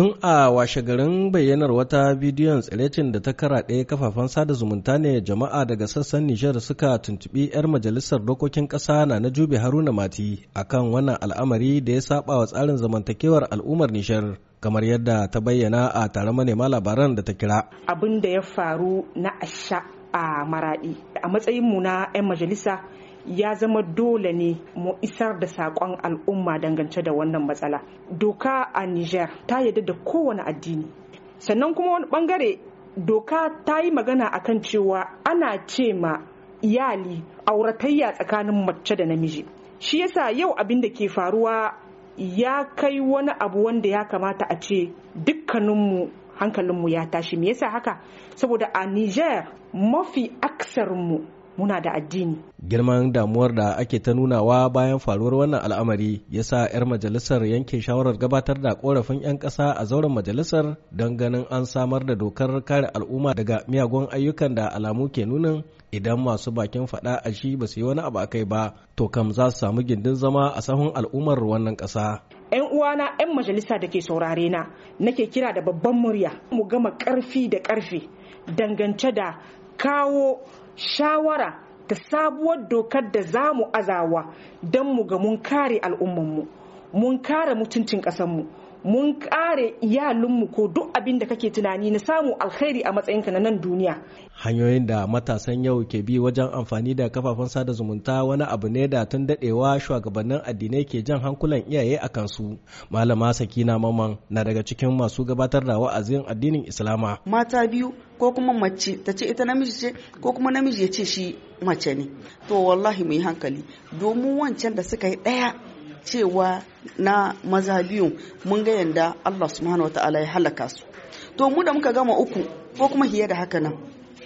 tun a washe garin bayyanar wata bidiyon tsirecin da ta karaɗe kafafen sada zumunta ne jama'a daga sassan nijar suka tuntuɓi 'yar majalisar dokokin ƙasa na na jube haruna mati akan wannan al'amari da ya saba wa tsarin zamantakewar al'ummar nijar kamar yadda ta bayyana a tare manema labaran da ta kira abin da ya faru na asha a maraɗi a matsayin mu na 'yan majalisa ya zama dole ne mu isar da saƙon al'umma dangance da wannan matsala doka a niger ta yadda da kowane addini sannan kuma wani bangare doka ta yi magana akan cewa ana ce ma iyali auratayya tsakanin mace da namiji shi yasa yau abin da ke faruwa ya kai wani abu wanda ya kamata a ce dukkaninmu hankalinmu ya tashi me yasa haka saboda a niger mafi aksarmu muna da addini girman damuwar da ake ta nunawa bayan faruwar wannan al'amari ya sa 'yar majalisar yanke shawarar gabatar da korafin 'yan ƙasa a zauren majalisar don ganin an samar da dokar kare al'umma daga miyagun ayyukan da alamu ke nunin idan masu bakin faɗa a shi ba su yi wani abu kai ba to kam za su samu gindin zama a sahun al'ummar wannan ƙasa. 'yan uwana 'yan majalisa da ke saurare na nake kira da babban murya mu gama ƙarfi da ƙarfi dangance da kawo shawara ta sabuwar dokar da za mu azawa don mu ga mun kare al'ummanmu mun kare mutuncin ƙasanmu mun kare iyalinmu ko duk abin da kake tunani na samu alkhairi a matsayinka na nan duniya hanyoyin da matasan yau ke bi wajen amfani da kafafen sada zumunta wani abu ne da tun dadewa shugabannin addinai ke jan hankulan iyaye a kansu malama sakina maman na daga cikin masu gabatar da wa'azin addinin islama mata biyu ko kuma mace ta ce ita namiji ce ko kuma namiji ya ce shi mace ne to wallahi mu yi hankali domin wancan da suka yi ɗaya. cewa na maza biyu mun ga yanda Allah subhanahu Ta'ala ya halaka su to mu da muka gama uku ko kuma hiye da haka nan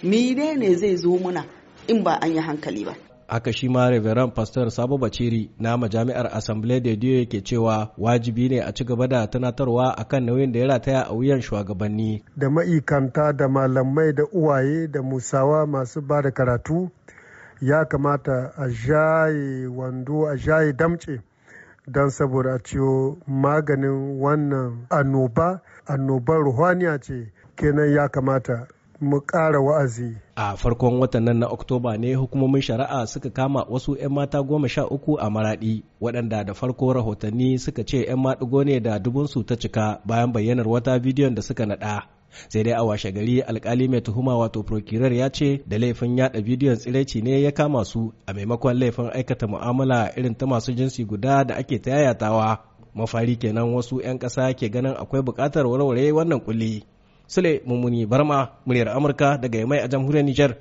mene ne zai zo muna in ba an yi hankali ba aka shi ma Reverend Pastor Sabo Baciri na majami'ar Assembly da Dio yake cewa wajibi ne a ci gaba da tunatarwa a kan nauyin da ya rataya a wuyan shugabanni. Da ma'ikanta da malamai da uwaye da musawa masu ba da karatu ya kamata a jaye wando a jaye damce don saboda a ciyo maganin wannan annoba annobar ruhaniya ce kenan ya kamata mu ƙara wa'azi. A farkon watan nan na Oktoba ne hukumomin shari'a suka kama wasu 'yan mata goma sha uku a maraɗi waɗanda da farko rahotanni suka ce 'yan maɗigo ne da dubunsu ta cika bayan bayyanar wata bidiyon da suka naɗa. sai dai a washe gari alkali mai tuhuma wato prokirar ya ce da laifin yada bidiyon tsiraici ne ya kama su a maimakon laifin aikata mu'amala irin ta masu jinsi guda da ake ta yayatawa mafari kenan wasu 'yan ƙasa ke ganin akwai bukatar warware wannan kulli sule mummuni barma muryar amurka daga yamai a jamhuriyar nijar.